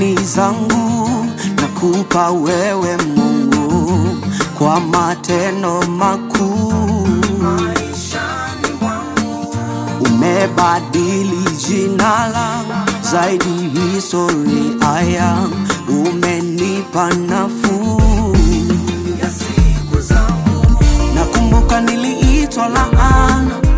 Shukrani zangu nakupa wewe Mungu kwa matendo makuu umebadili jina langu zaidi historia yangu umenipa nafuu zangu. nakumbuka niliitwa laana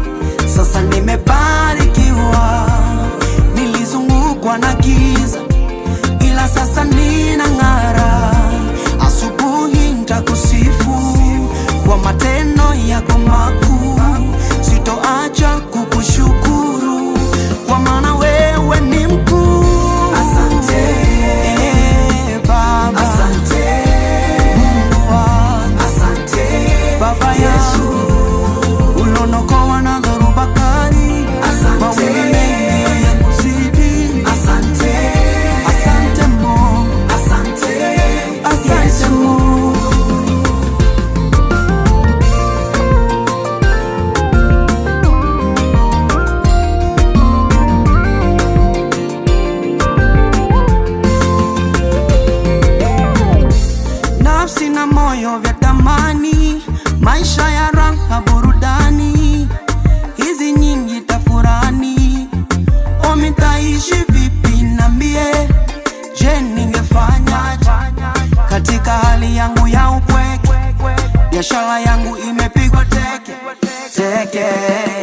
amani, maisha ya raha, burudani, hizi nyingi tafurani. taishi vipi nambie? Je, ningefanya katika hali yangu ya upweke? Biashara yangu imepigwa teke teke.